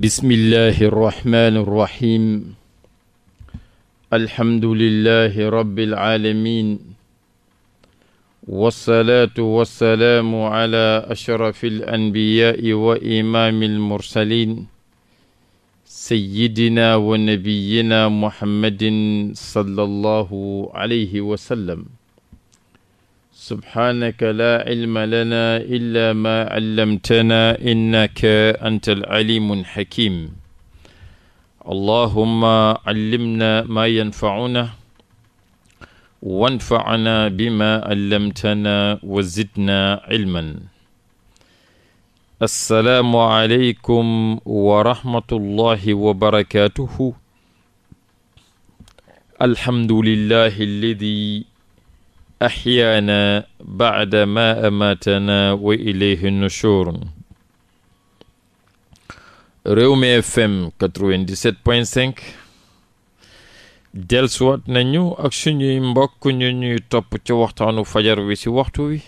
bismillahi irrahmani irrahim alhamdulillahi rabbil aalamiin wassalaatu wassalaamu ala ashrafi alanbiyaai wa imaami almursaliin sayyidina wa nabiyina muhammadin sallallahu alayhi wa sallam subhaanaka laa ilma lanaa illaa maa allamtanaa innaka anta al-aliimul hakiim allahumma allimnaa maa yanfa'unaa wanfa'naa bimaa allamtanaa wa zidnaa ilman assalaamu aleykum wa rahmatullaahi wa barakaatuhu alhamdulillaahi allazii axyaana bacda ma amatana wa ilayhi nushurun Rewmi FM 97.5 nañu ak suñuy mbokk ñu ñuy topp ci waxtaanu fajar wi ci waxtu wi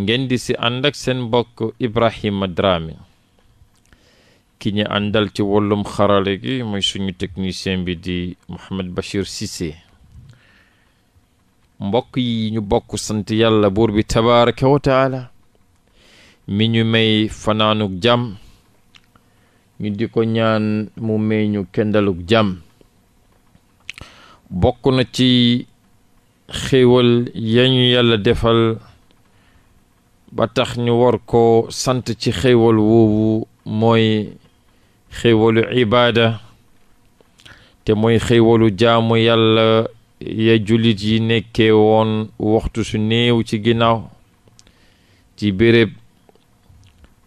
ngeen di ci ànd seen mbokk Ibrahima Drame ki ñu àndal ci wàllum xarala gi mooy suñu technicien bi di Mouhamed Bachir Cissé mbokk yi ñu bokk sant yàlla buur bi tabaraka wa taala mi ñu may fanaanuk jàmm ñu di ko ñaan mu may ñu kendaluk jàmm bokk na ci xéewal yañu yàlla defal ba tax ñu war ko sant ci xéewal woowu mooy xéewalu ibaada te mooy xéewalu jaamu yàlla ya jullit yi nekkee woon waxtu su néew ci ginnaaw ci béréb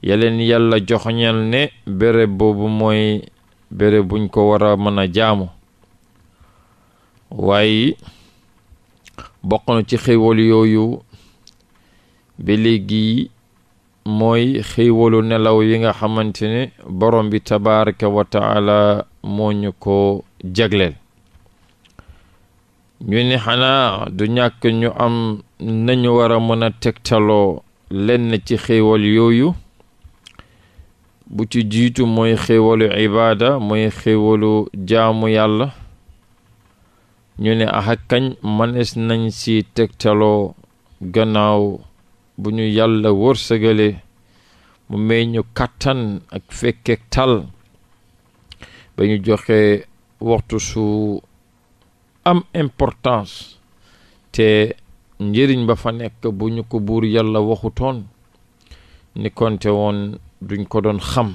ya leen yàlla joxoñal ne béréb boobu mooy béréb buñ ko war a mën a jaamu waaye bokk ci xéewal yooyu ba léegi mooy xéewalu nelaw yi nga xamante ne borom bi tabaraka wa moo ñu ko jagleel ñu ni xanaa du ñàkk ñu am nañu war a mën a tegtaloo lenn ci xéewal yooyu bu ci jiitu mooy xéewalu ibaada mooy xéewalu jaamu yàlla ñu ne axa kañ mënees nañ si tegtaloo gannaaw bu ñu yàlla wërsëgale mu may kàttan ak fekkeek tal ba ñu joxe waxtu su am importance te njëriñ ba fa nekk bu ñu ko buur yàlla waxutoon nikonte woon duñ ko doon xam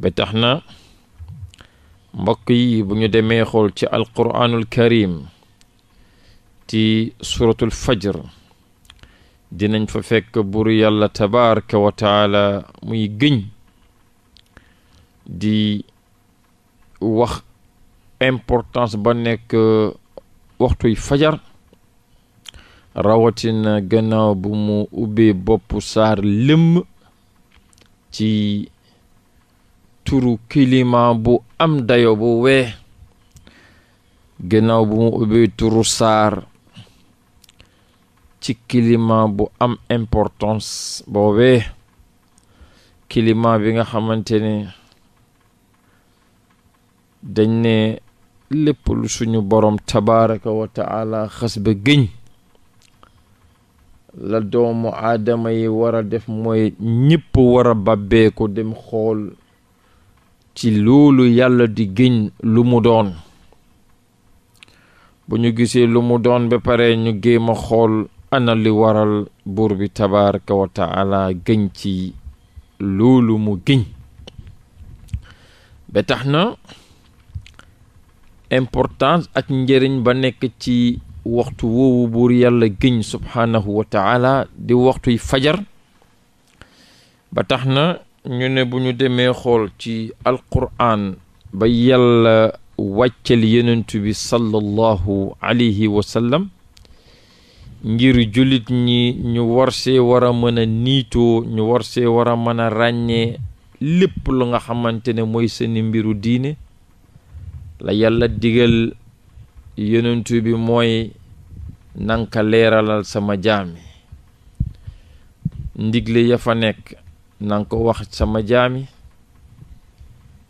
ba tax na mbokk yi bu ñu demee xool ci alquraanul karim ci suratul fajr dinañ fa fekk buur yàlla tabaraka wa muy gëñ di wax importance ba nekk euh, waxtuy fajar rawatina gannaaw bu mu ubbee bopp saar lëmm ci turu kilima bu am dayo bu wee gannaaw bu mu ubbee turu saar ci kilima bu am importance boobee kilima bi nga xamante dañ ne lépp lu suñu boroom tabaraka wa taala xas ba gëñ la doomu aadama yi wara def mooy ñëpp wara a bàbbeeku dem xool ci loolu yàlla di gëñ lu mu doon bu ñu gisee lu mu doon ba pare ñu géem xool ana li waral buur bi tabaraka wa taala ci loolu mu gëñ ba tax na importance ak njëriñ ba nekk ci waxtu woowu buur yàlla giñ subhaanahu di waxtuy fajar ba tax na ñu ne bu ñu demee xool ci alquraan ba yàlla wàccel yenentu bi sallallahu alayhi wa sallam ngir jullit ñi ñu war see war a mën a niitoo ñu war see war a mën a ràññee lépp lu nga xamante ne mooy seeni mbiru diine la yàlla digal yonentu bi mooy nanka leeralal sama jaami ndigle ya fa nekk nanga ko wax sama jaami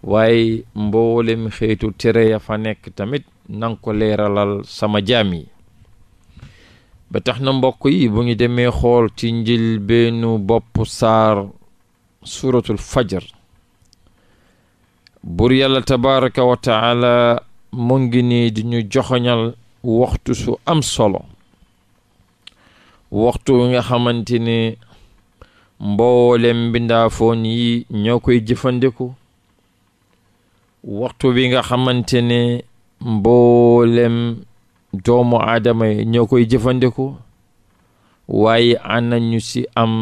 waaye mboolem xeetu tere ya fa nekk tamit nanga ko leeralal sama jaam yi ba tax na mbokk yi bu ñu demee xool ci njëlbeenu bopp saar suuratul fajar buur yàlla tabaraka wa taala mu ngi nii di ñu joxoñal waxtu su am solo waxtu wi nga xamante ne mboolem mbindaafoon yi ñoo koy jëfandiku waxtu bi nga xamante ne mboolem doomu aadama yi ñoo koy jëfandiku waaye ana si am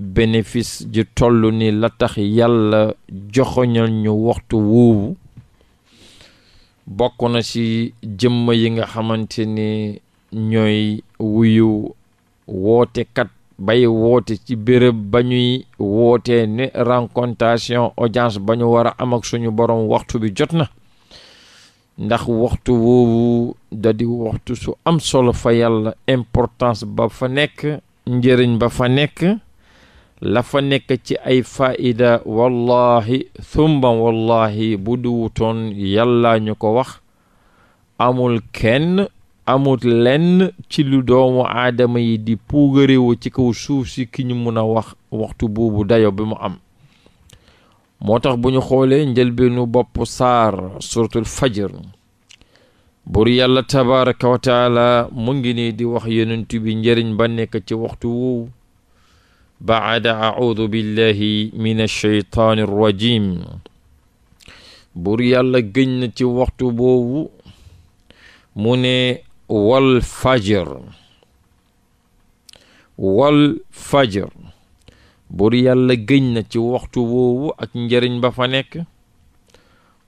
bénéfice ji toll ni la tax yàlla joxoñal ñu waxtu woowu bokk na ci jëmm yi nga xamante ni ñooy wuyu wootekat bay woote ci bërëb ba ñuy woote ne rencontation audience ba ñu war a am ak suñu boroom waxtu bi jot na ndax waxtu woowu da di waxtu su am solo fa yàlla importance ba fa nekk njëriñ ba fa nekk lafa nekk ci ay faida wallahi thumma wallahi bu duwutoon yàlla ñu ko wax amul kenn amul lenn ci lu doomu aadama yi di puugarewu ci kaw suuf si ki ñu mun a wax waxtu buubu dayo bi mu am moo tax bu ñu xoolee njëlbeenu bopp saar suratul fajr bur yàlla tabaraka wa mu ngi nii di wax yonent bi njëriñ ba nekk ci waxtu woowu baada audu billahi min alcheytaani arrajim buur yàlla gëñ na ci waxtu boobu mu ne wal fajr wal fajr buur yàlla gëñ na ci waxtu woowu ak njëriñ ba fa nekk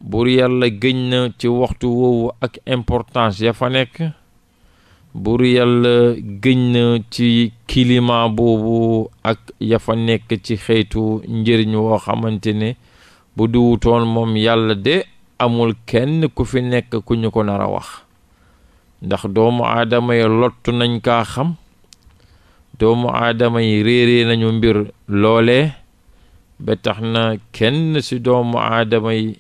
buur yàlla gëñ na ci waxtu woowu ak importance ya fa nekk buur yàlla gëñ na ci climat boobu ak yafa nekk ci xeetu njëriñ woo xamante ne bu duwutoon moom yàlla de amul kenn ku fi nekk ku ñu ko nar a wax ndax doomu aadama yi lottu nañ kaa xam doomu aadama yi réeree nañu mbir loole ba tax na kenn ci doomu aadama yi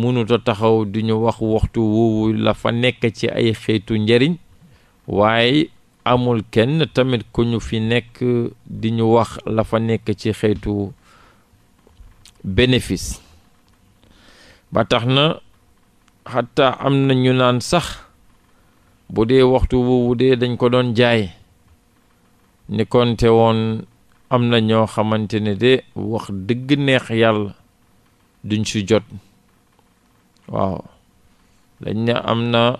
mënuta taxaw di ñu wax waxtu woowu la fa nekk ci ay xeetu njëriñ waaye amul kenn tamit ku ñu fi nekk di ñu wax la fa nekk ci xeetu bénéfice ba tax na xataa am na ñu naan sax bu dee waxtu woowu dee dañ ko doon jaay ni woon am na ñoo xamante ne de wax dëgg neex yàlla duñ si jot waaw dañ ne am na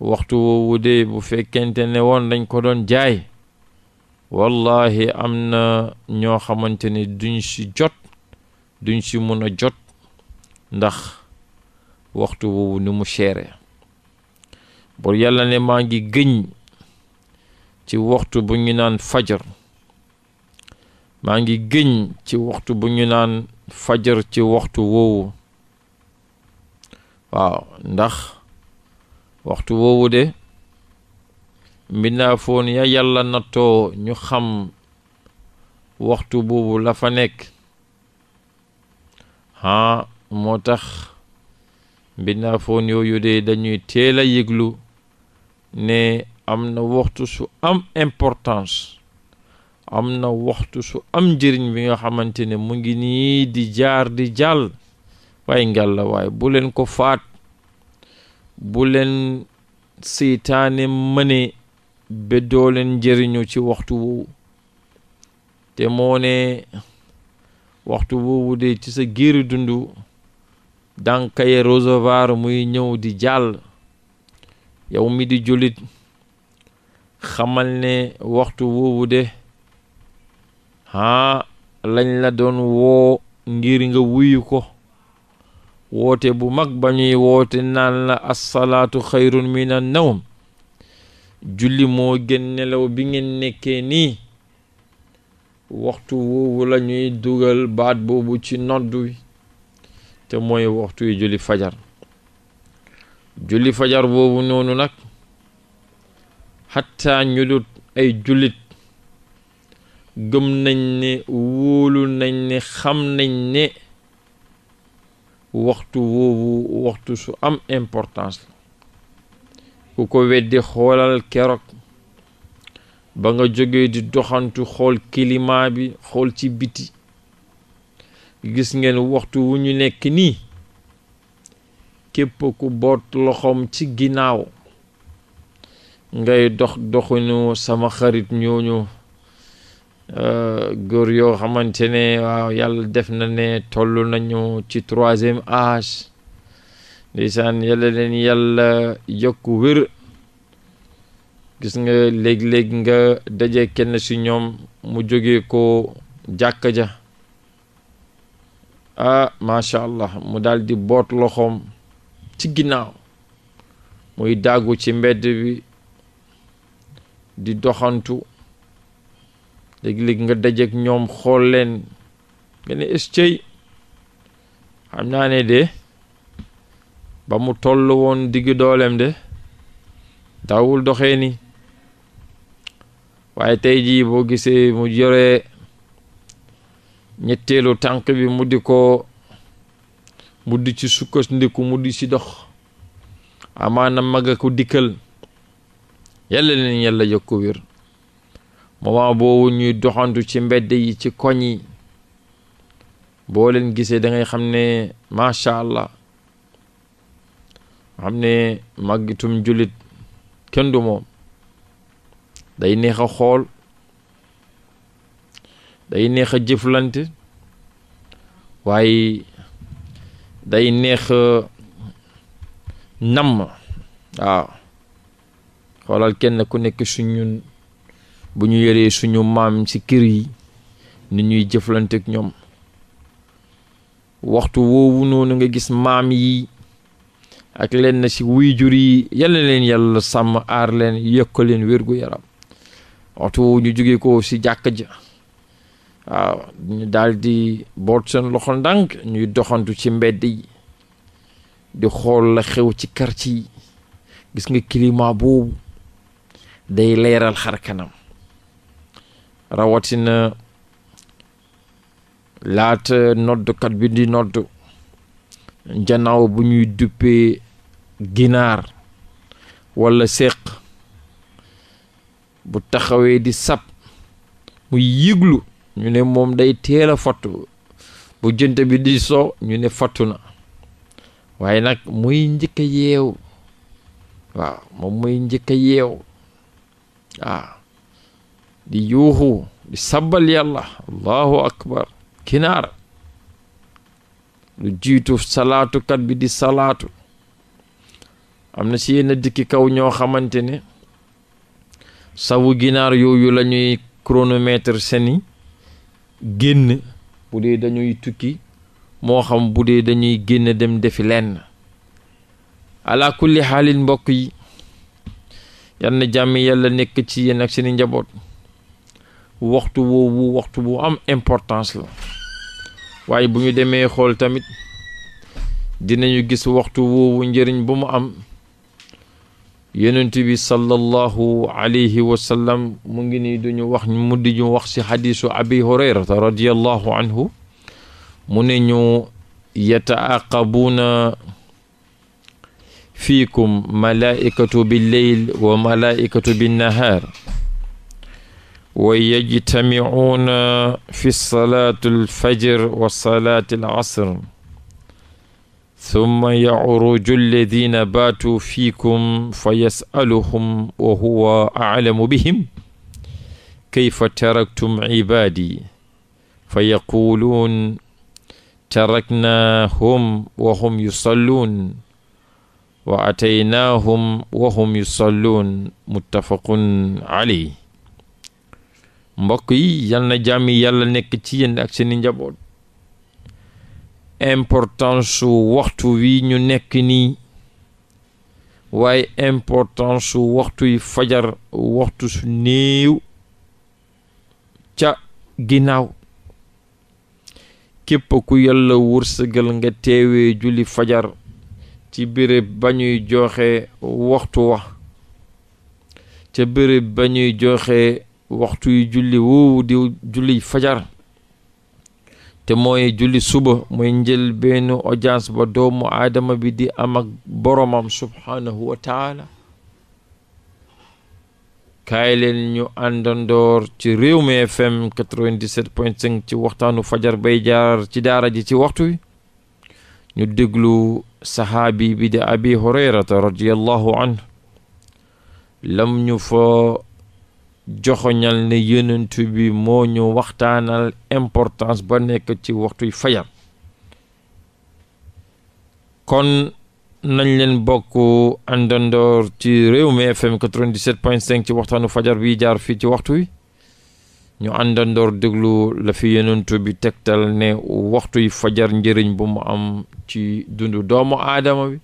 waxtu woowu de bu fekkente ne woon dañ ko doon jaay wallahi am na ñoo xamante ne duñ si jot duñ si mën a jot ndax waxtu woowu ni mu seere bur yàlla ne maa ngi gëñ waxtu bu ñu naan fajar maa ngi gëñ ci waxtu bu ñu naan fajar ci waxtu woowu waaw ndax waxtu woowu de mbindaa foon ya yàlla nattoo ñu xam waxtu boobu la fa nekk ah moo tax mbindaa foon yooyu de dañuy teel a yëglu ne am na waxtu su am importance am na waxtu su am njëriñ bi nga xamante ne mu ngi nii di jaar di jàll waaye ngàlla waaye bu leen ko faat bu leen seytaane mëne ba leen jëriñu ci waxtu woowu te moone waxtu woowu de ci sa giiri dundu dànkaye recevoir muy ñëw di jàll yow mi di jullit xamal ne waxtu woowu de haa lañ la doon woo ngir nga wuyu ko woote bu mag ba ñuy woote naan la assalaatu xayrun min an nawm julli moo gën nelaw bi ngeen nekkee nii waxtu woowu lañuy dugal baat boobu ci nodd wi te mooy waxtu yu julli fajar julli fajar boobu noonu nag xattaa ñu dut ay jullit gëm nañ ne wóolu nañ ne xam nañ ne waxtu woowu waxtu su am importance la ku ko weddi xoolal keroog ba nga jógee di doxantu xool climat bi xool ci biti gis ngeen waxtu wu ñu nekk nii képp ku boot loxoom ci ginnaaw ngay dox doxinu sama xarit ñoo ñooñu Euh, góor yoo xamante ne waaw yàlla def na ne toll nañu ci troisième âge ndeysaan yàlla leen yàlla yokku wér gis nga léeg-léeg nga daje kenn si ñoom mu jóge ko jàkk ja ah macha allah mu daal di boot loxoom ci ginnaaw muy dàggu ci mbedd bi di doxantu léegi-léegi nga dajeek ñoom xool leen nga ne ëscëy xam naa ne de ba mu toll woon diggu dooleem de daawul doxe ni waaye tey jii boo gisee mu yore ñetteelu tànk bi mu di ko mu di ci sukkandiku mu di ci dox amaana mag a ko dikkal yàlla leen yàlla yokk wér moment boobu ñuy doxantu ci mbedd yi ci koñ yi boo leen gisee da ngay xam ne macha allah xam ne màggitum jullit kenn du moom day neex a xool day neex a jëflante waaye day neex a namm waaw xoolal kenn ku nekk su ñun bu ñu yoree suñu maam ci kër yi ni ñuy jëflanteek ñoom waxtu woowu noonu nga gis maam yi ak lenn ci waajur yi yàlla leen yàlla sàmm aar leen yokk leen wérgu yaram waxtu ñu jóge ko ci jàkk ja waaw ñu daal di boot seen loxo ndànk ñuy doxantu ci mbedd yi di xool la xew ci quartier yi gis nga climat boobu day leeral xar kanam rawatina laata noddkat bi di nodd janaaw bu ñuy duppee ginaar walla séq bu taxawee di sab mu yiglu ñu ne moom day teel a bu jënt bi di soo ñu ne fattu na waaye nag muy njëkk a yeew waaw moom muy njëkk a yeew waaw di yuuxu di sabbal yàlla allahu akbar kinaara lu jiitu salaatukat bi di salaatu am na si yenn dikki kaw ñoo xamante ne sawu ginaar yooyu lañuy ñuy chronomètre seeni génn bu dee dañuy tukki moo xam bu dee dañuy génn dem defi lenn ala kulli mbokk yi yan na jàmm yàlla nekk ci yenn ak seeni njaboot waxtu woowu waxtu bu am importance la waaye bu ñu demee xool tamit dinañu gis waxtu woowu njëriñ bu mu am yonent bi sallallahu alayhi wa mu ngi nii duñu wax mu di ñu wax ci anhu mu ne ñu yataaqabuuna fiikum malaa'ikatu bil leyl wa malaa'ikatu bin nahaar wa yajtamicuuna fi salaati alfajr wa salaati alasr summa yacruju alladina baatuu fiikum fa yasaluhum wa huwa aclamu bihim kayfa taraktum cibaadi fa yaquuluun taraknaahum wa hum yusalluun wa ataynaahum wa hum yusalluun muttafaqun caleyh mbokk yi yal na jàmm yàlla nekk ci yéen ak seeni njaboot importance su waxtu wi ñu nekk nii waaye importance su waxtu yi fajar waxtu néew ca ginnaaw képp ku yàlla wërsëgal nga teewee julli fajar ci béréb ba ñuy joxe waxtu wa ca béréb ba ñuy joxe waxtu yu julli woowu di julli fajar te mooy julli suba mooy njël benn audience ba doomu aadama bi di am ak boromam subhaanahu wa taala kaay leen ñu àndandoor ci réew mi FM 97.5 ci waxtaanu fajar bay jaar ci daara ji ci waxtu wi ñu déglu sahaabi bi di abi hurayrata radiallahu anhu lam ñu fa joxoñal ne yonent bi moo ñu waxtaanal importance ba nekk ci waxtuy fajar kon nañ leen bokk àndandoor ci réew mi FM 97.5 ci waxtaanu fajar bi jaar fii ci waxtu wi ñu àndandoor déglu la fi yonent bi tegtal ne waxtuy fajar njëriñ bu mu am ci dundu doomu aadama bi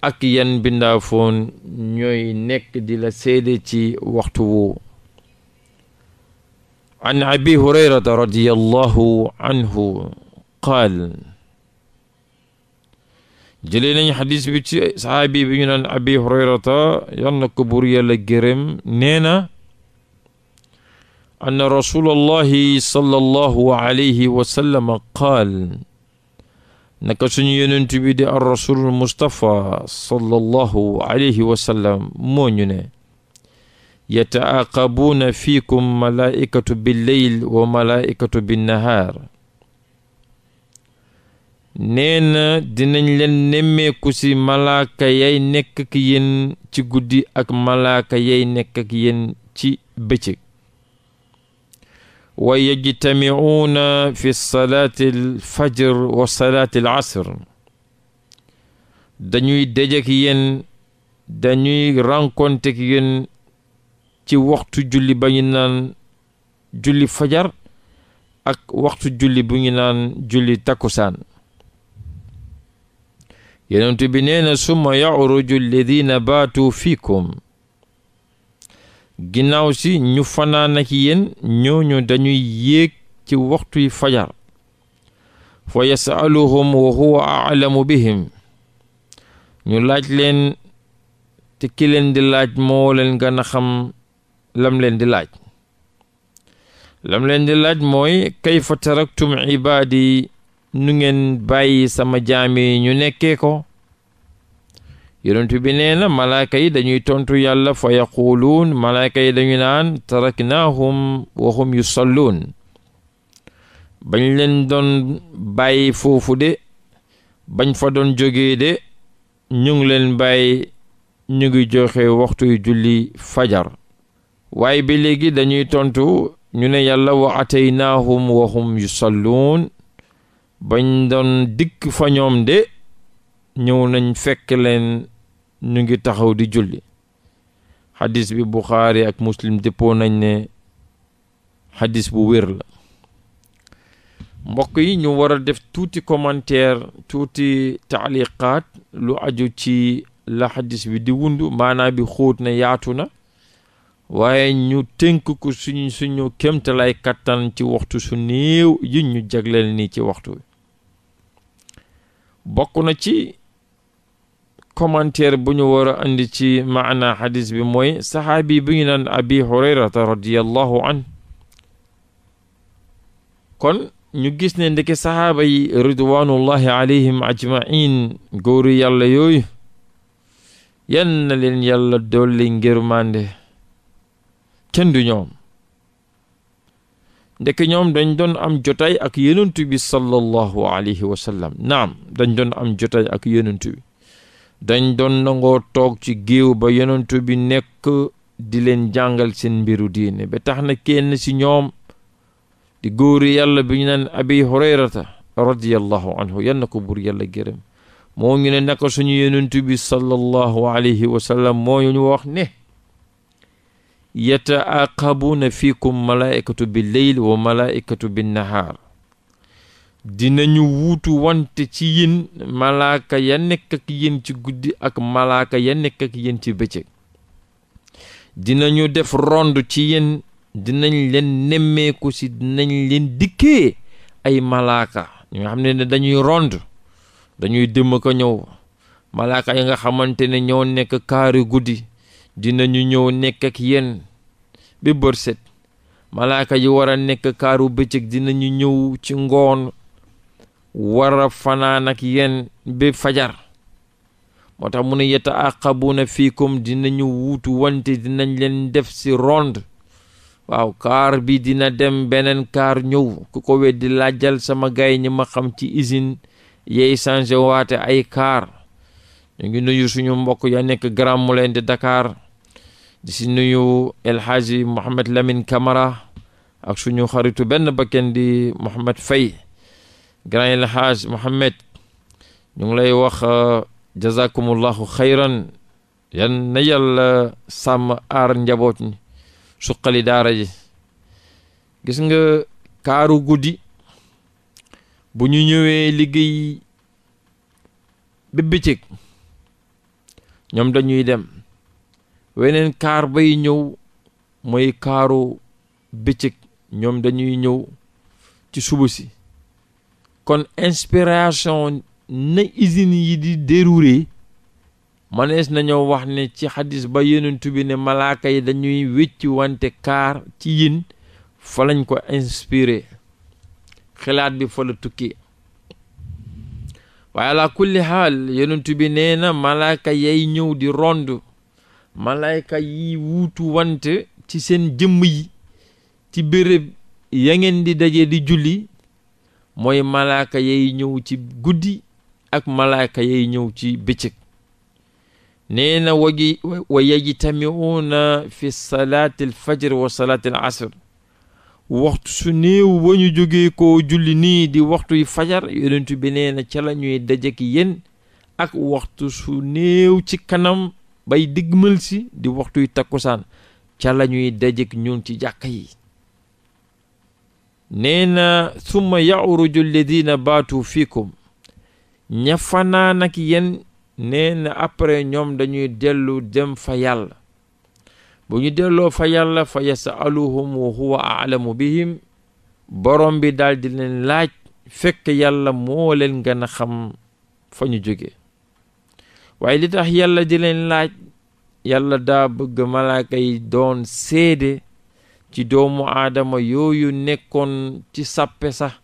ak yan bindaafoon ñooy nekk di la seede ci waxtu wu an abi hurayrata radiyallahu anhu qaal jëlee nañ xadis bi ci saxaabi bi ñu abi hurayrata yal na ko buur yàlla gërëm nee na anna rasulallahi qaal naka suñu yonent bi di ar rasulul mustapha sallallahu moo ñu ne yataaqabuuna fiikum malaikatu billeyl wa malaikatu binnahaar nee na dinañ leen nemmeeku ci malaaka yay nekk ak ci guddi ak malaaka yay nekk yen ci bëccëg wa yajtamicuuna fi salaati alfajr wa salaati al dañuy dajek yéen dañuy rencontre ki ci waxtu julli ba ñu naan julli fajar ak waxtu julli bu ñu naan julli takkusaan yonent bi nee na summa yaruju baatu fiikum ginnaaw si ñu fanaan ak yéen ñooñu dañuy yéeg ci waxtu fajar fa yasaluhum wa huwa aalamu bihim ñu laaj leen te ki leen di laaj moo leen gën a xam lam leen di laaj lam leen di laaj mooy kayfa taraktum ibaadi nu ngeen bàyyi sama jaam yi ñu nekkee ko yonent bi nee na malaaka yi dañuy tontu yàlla fa yaquuluun malaaka yi dañu naan taraknaahum yu yusalluun bañ leen doon bàyyi foofu de bañ fa doon jógee de ñu ngi leen bàyyi ñu ngi joxe waxtuy julli fajar waaye bi léegi dañuy tontu ñu ne yàlla wa ataynaahum yu yusalluun bañ doon dikk fa ñoom de ñëw nañ fekk leen ñu ngi taxaw di julli xadis bi buxaari ak muslim dëppoo nañ ne xadis bu wér la mbokk yi ñu war a def tuuti komanteer tuuti taaliqaat lu aju ci la xadis bi di wund maanaa bi xóot na yaatu na waaye ñu tënk ko suñu suñu kémtalay kàttan ci waxtu su néew yi ñu jagleel nii ci waxtu bi bokk na ci commentaire bu ñu war a andi ci maana xadis bi mooy saxaabi bu ñu naan abi hurayrata radiallahu an kon ñu gis ne ndeke saxaaba yi ridwanullahi ajmain góoru yàlla yooyu yan na leen yàlla dolli ngir mànde kenn du ñoom ndeke ñoom dañ doon am jotaay ak yenentu bi sallallahu alayhi wa naam dañ doon am jotaay ak yenentu bi dañ doon nangoo toog ci géew ba yonent bi nekk di leen jàngal seen mbiru diine ba tax na kenn ci ñoom di góori yàlla bi ñu naan abi hurayrata radiyallahu anhu yan ko buur yàlla gërëm moo ñu ne naka suñu yonent bi sallallahu alayhi wa moo ñu wax ne yataaqabuuna fiikum malaa'ikatu bi leyl wa malaa'ikatu bi nahaar dinañu wuutu wante ci yéen malaaka ya nekk ak yéen ci guddi ak malaaka ya nekk ak yéen ci bëccëg dinañu def ronde ci yéen dinañ leen nemmeeku si dinañ leen dikkee ay malaaka ñu nga xam ne dañuy ronde dañuy dem ko ñëw malaaka yi nga xamante ne ñoo nekk kaari guddi dinañu ñëw nekk ak yéen bi bërset malaaka yi wara nekk kaaru bëccëg dinañu ñëw ci ngoon war a fanaan ak bi fajar moo tax mu ne yeta aqabuuna fiikum dinañu wuutu wante dinañ leen def si ronde waaw kaar bi dina dem beneen kaar ñëw ku ko weddi laajal sama gaay ñi xam ci usine yey changé waate ay kaar ñu ngi nuyu suñu mbokk ya nekk Grand Moulin de Dakar si nuyu El Hadji Mohamed Lamine ak suñu xaritu benn bakken di Mohamed Faye grand El Hadj ñu ngi lay wax euh, jazakumullahu xayran yan na yàlla sàmm aar njaboot ñi suqali daara ji gis nga kaaru guddi bu ñu ñëwee liggéey ba bëccëg ñoom dañuy dem weneen kaar bay ñëw mooy kaaru bëccëg ñoom dañuy ñëw ci suba si kon inspiration na usine yi di dérouler mënees nañoo wax ne ci xadis ba yonent bi ne malaaka yi dañuy wecc wante kaar ci yin fa ko inspiré xalaat bi fa tukki waaye ala kulli xaal yonent bi neena malaaka yay ñëw di rond malaaka yi wuutu wante ci seen jëmm yi ci béréb ya ngeen di daje di julli mooy malaaka yay ñëw ci guddi ak malaaka yay ñëw ci bëccëg nee na wagi wa na fi salaati alfajr wa salaati al waxtu su néew ba ñu jógee koo julli nii di waxtu yu fajar yonentu bi nee ca lañuy ñuy dajek ak waxtu su néew ci kanam bay digmal si di waxtu yu takkusaan ca lañuy ñuy dajek ci jàkka yi nee na summa yaruju alladina baatu fiikum ña fanaan ak yéen nee ñoom dañuy dellu dem fa yàlla bu ñu delloo fa yàlla fa yasaluhum wa huwa aalamu bihim borom bi daal di leen laaj fekk yàlla moo leen gën a xam fa ñu jóge waaye li tax yàlla di leen laaj yàlla daa bëgg malaaka doon seede ci doomu aadama yooyu nekkoon ci sàppe sax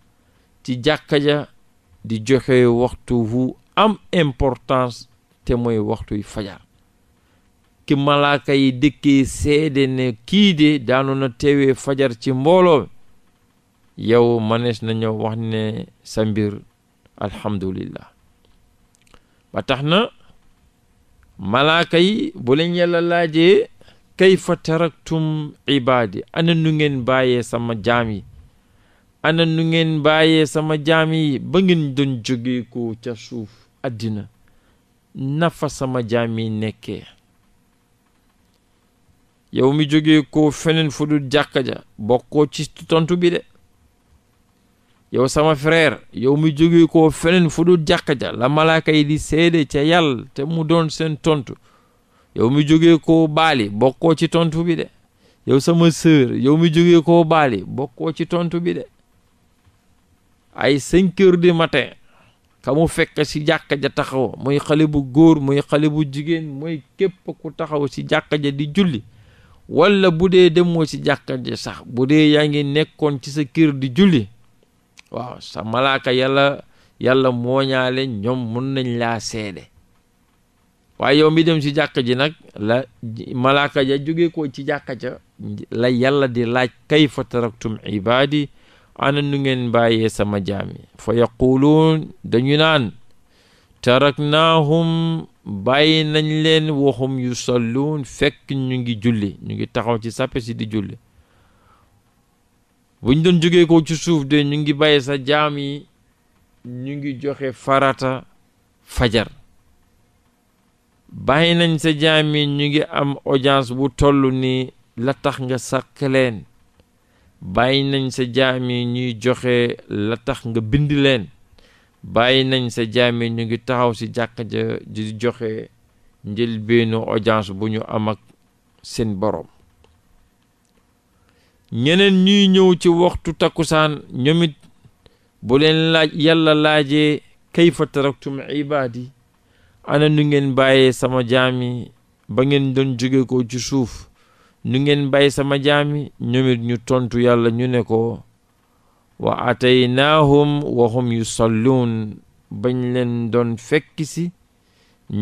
ci jàkka ja di joxe waxtu wu am importance te mooy waxtuy fajar ki malaaka yi dëkkee seede ne kii de daanu na teewee fajar ci mbooloo yow manees nañoo wax ne sa mbir alhamdulillah ba tax na malaaka yi bu leen yàlla laajee kayfa taraktum ibaadi ana nu ngeen bàyyee sama jaam yi ana nu ngeen bàyyee sama jaam yi ba ngeen doon jóge ca suuf àddina nafa sama jaam yi nekkee yow mi jóge ko feneen fu dul jàkka ja tontu bi yow sama frère yow mi jóge ko feneen fu dul jàkka ja la malaaka yi di seede ca yàlla te mu doon seen tontu yow mi jógee koo baali bokkoo ci tontu bi de yow sama sœur yow mi jógee koo baali bokkoo ci tontu bi de ay cinq heures du matin ka mu fekk si jàkka ja taxaw muy xale bu góor muy xale bu jigéen mooy képp ku taxaw si jàkka ja di julli walla bu dee demoo si jàkka ja sax bu dee yaa ngi nekkoon ci sa kër di julli waaw sa malaaka yàlla yàlla mooñaale ñoom mun nañ laa seede waaye yow mi dem ci jàkka ji nag la malaaka ja jóge ko ci jàkka ja la yàlla di laaj kayfa taraktum ibaadi ana nu ngeen bàyyee sama jaam fa yaquluun dañu naan taraknaahum bàyyi nañ leen waxum yu salluun fekk ñu ngi julli ñu ngi taxaw ci sàppe si di julli buñ doon jógee ko ci suuf de ñu ngi bàyyi sa jaam yi ñu ngi joxe farata fajar bàyyi nañ sa jaam ñu ngi am audience bu toll ni la tax nga sàkk leen bàyyi nañ sa jaam ñuy joxe la tax nga bind leen bàyyi nañ sa jaam ñu ngi taxaw si jàkka ja di joxe njëlbeenu audience bu ñu am ak seen borom ñeneen ñuy ñëw ci waxtu takkusaan ñomit it bu leen laaj yàlla laajee kayfa taraktum ibaadi ana nu ngeen bàyyee sama jaam ba ngeen doon jóge ko ci suuf nu ngeen bàyyi sama jaam yi ñoom ñu tontu yàlla ñu ne ko wa ataynaahum wa hum yusalluun bañ leen doon fekk si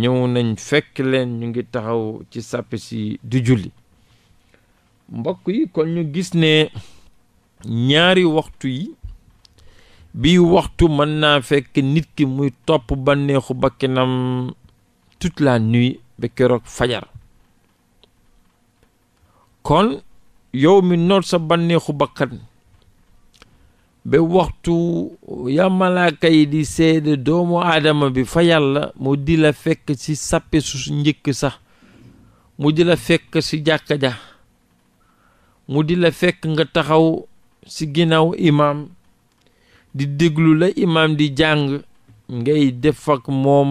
ñëw nañ fekk leen ñu ngi taxaw ci sàpp si du julli mbokk yi kon ñu gis ne ñaari waxtu yi bi waxtu mën naa fekk nit ki muy topp bànneexu bakkanam toute la nuit ba keroog fajar kon yow mi noot sa bànneexu bakkan ba waxtu ya malaaka yi di seede doomu aadama bi fa la mu di la fekk ci sappe su njëkk sax mu di la fekk ci jàkka ja mu di la fekk nga taxaw ci ginnaaw imaam di déglu la imaam di jàng ngay def moom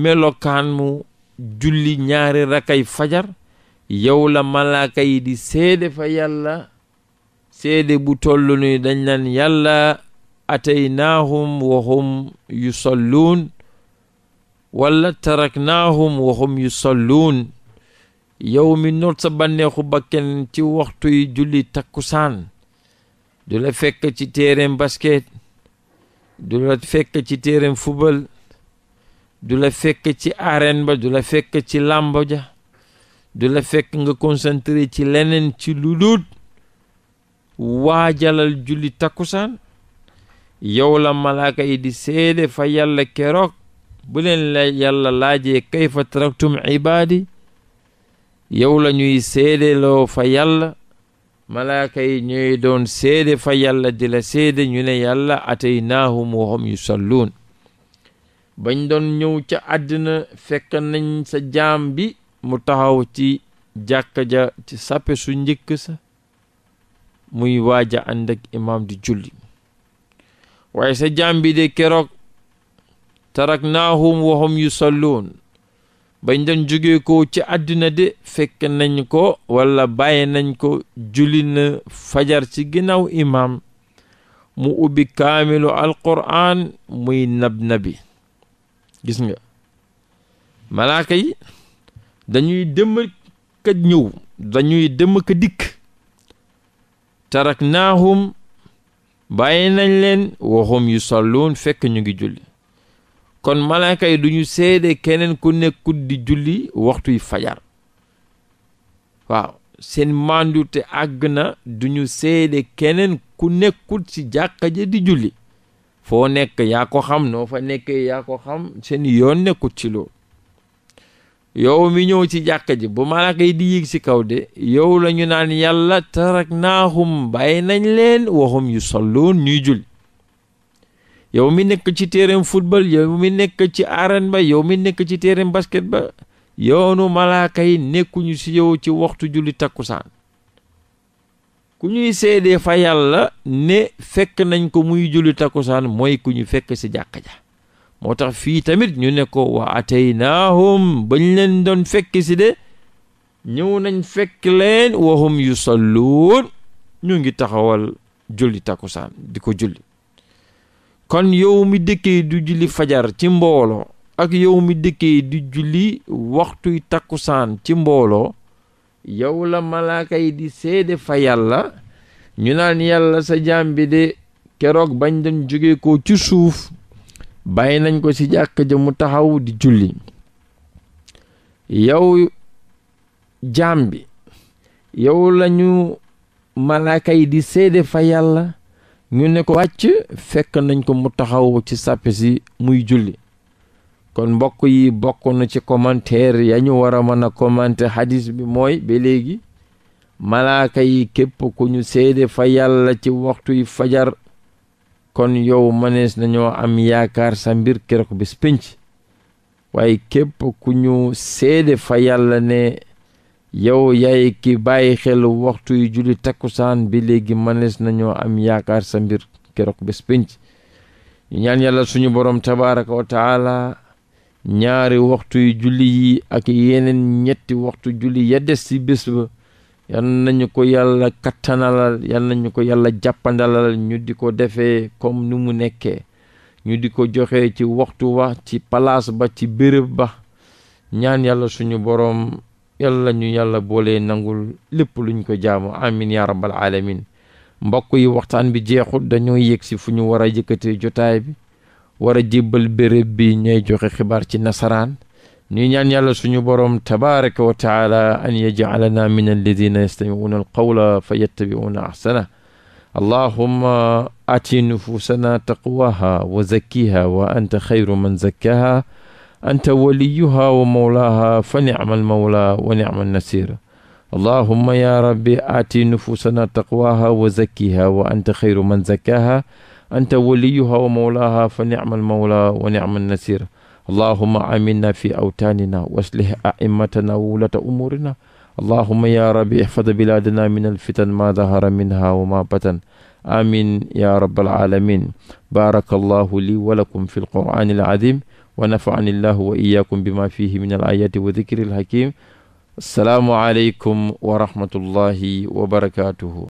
melokaan mu julli ñaari rakay fajar yow la malaaka yi di seede fa yàlla seede bu tollu ni dañ naan yàlla ataynaahum wahum yusalluun wala taraknaahum wahum yusalluun yow mi noot sa bànneexu bakken ci waxtu yi julli takkusaan du la fekk ci téereem basket du la fekk ci téereem football du la fekk ci arenba ba du la fekk ci làmba du la fekk nga concentré ci leneen ci lu dul waajalal julli takkusaan yow la malaaka yi di seede fa yàlla keroog bu la yàlla laajee kayfa taraktum ibaadi yow la ñuy seedeloo fa yàlla malaaka yi ñooy doon seede fa yàlla di la seede ñu ne yàlla ataynaahum wa hum yusalluun bañ doon ñëw ca àddina fekk nañ sa jaam bi mu taxaw ci jàkka ja ci sàppe su njëkk muy waaja ànd imaam di julli waaye sa jaam bi de keroog taraknaahum wa hum yusalluun bañ doon jóge ko ci àdduna de fekk nañ ko walla bàyyi nañ ko julli na fajar ci ginnaaw imaam mu ubbi kaamilu alquraan muy nab nabi gis nga malaaka yi dañuy dem ka ñëw dañuy dem ka dikk taraknaahum bàyyi nañ leen waxum yu salluun fekk ñu ngi julli kon malaaka yi duñu seede keneen ku nekkut di julli waxtuy fajar waaw seen màndute àgg na duñu seede keneen ku nekkut ci jàkka ja di julli foo nekk yaa ko xam noo fa nekkee yaa ko xam seen yoon nekkut ci loolu yow mi ñëw ci jàkka ji bu malaaka yi di yéeg ci kaw de yow lañu naan yàlla tarak naaxum bàyyi nañ leen waxum yu sol solloon ñuy julli yow mi nekk ci terrain football yow mi nekk ci arène ba yow mi nekk ci terrain basket ba yoonu malaaka yi nekkuñu si yow ci waxtu julli takkusaan ku ñuy seedee fa yàlla ne fekk nañ ko muy julli takkusaan mooy ku ñu fekk si jàkka ja moo tax fii tamit ñu ne ko wa ataynaahum bañ leen doon fekk si de ñëw nañ fekk leen wahum yusalluun ñu ngi taxawal julli takkusaan di ko julli kon yow mi dëkkee du julli fajar ci mbooloo ak yow mi dëkkee du julli waxtuy takkusaan ci mbooloo yow la malaaka yi di seede fa yàlla ñu naan yàlla sa jaam bi de keroog bañ doon jóge ko ci suuf bàyyi nañ ko ci jàkk ja mu taxaw di julli yow jaam bi yow lañu malaaka yi di seede fa yàlla ñu ne ko wàcc fekk nañ ko mu taxaw ci sàppe si muy julli kon mbokk yi bokk na ci commentaire yañu ñu war a mën a commenter hadis bi mooy ba léegi malaaka yi képp ku ñu seede fa yàlla ci waxtu yi fajar kon yow mënees nañoo am yaakaar sa mbir keroog bis pénc waaye képp ku ñu seede fa yàlla ne yow yay ki bàyyi xel waxtu yu julli takkusaan bi léegi mënees nañoo am yaakaar sa mbir keroog bés pénc ñaan yàlla suñu boroom tabaraka wa ñaari waxtu yu julli yi ak yeneen ñetti waxtu julli ya des ci bés ba yal nañu ko yàlla kattanalal yal nañu ko yàlla jàppandalal ñu di ko defee comme ni mu nekkee ñu di ko joxe ci waxtu wa ci palaas ba ci béréb ba ñaan yàlla suñu boroom yàlla ñu yàlla boole nangul lépp luñ ko jaamu amin ya rabbal alamin mbokk yi waxtaan bi jeexul dañoo yëg si fu ñu war a yëkkatee jotaay bi war a jébbal béréb bi ñay joxe xibaar ci nasaraan ñu ñaan yàlla suñu boroom tabaraka wa taala an yajcalana min alladina yastamicuuna alqawla fa yattabicuuna axsana allahumma aati nufusana taqwaha wa zakkiha wa anta xayru man zakkaha anta waliyuha wa mawlaha fa nicma almawla wa nicma alnasir allahuma ya rabbi aati nufusana taqwaha wa zakkiha wa anta xayru man zakkaha anta waliyuha wa mawlaha fa nicma almawla wa nicma alnasir allahuma aminna fi awtaanina wa aslih aimmatana wa wulata umuurina allahuma ya rabbi ihfad bilaadana min alfitan ma dahara minha wa ma batan amin ya rabbal alamin baraka allahu li wa lakum fi alqur'ani alazim wa nafaani llahu wa iyaakum bima fihi min al ayati wa dikri al hakim asalaamu aleykum wa rahmatullahi wa barakatuhu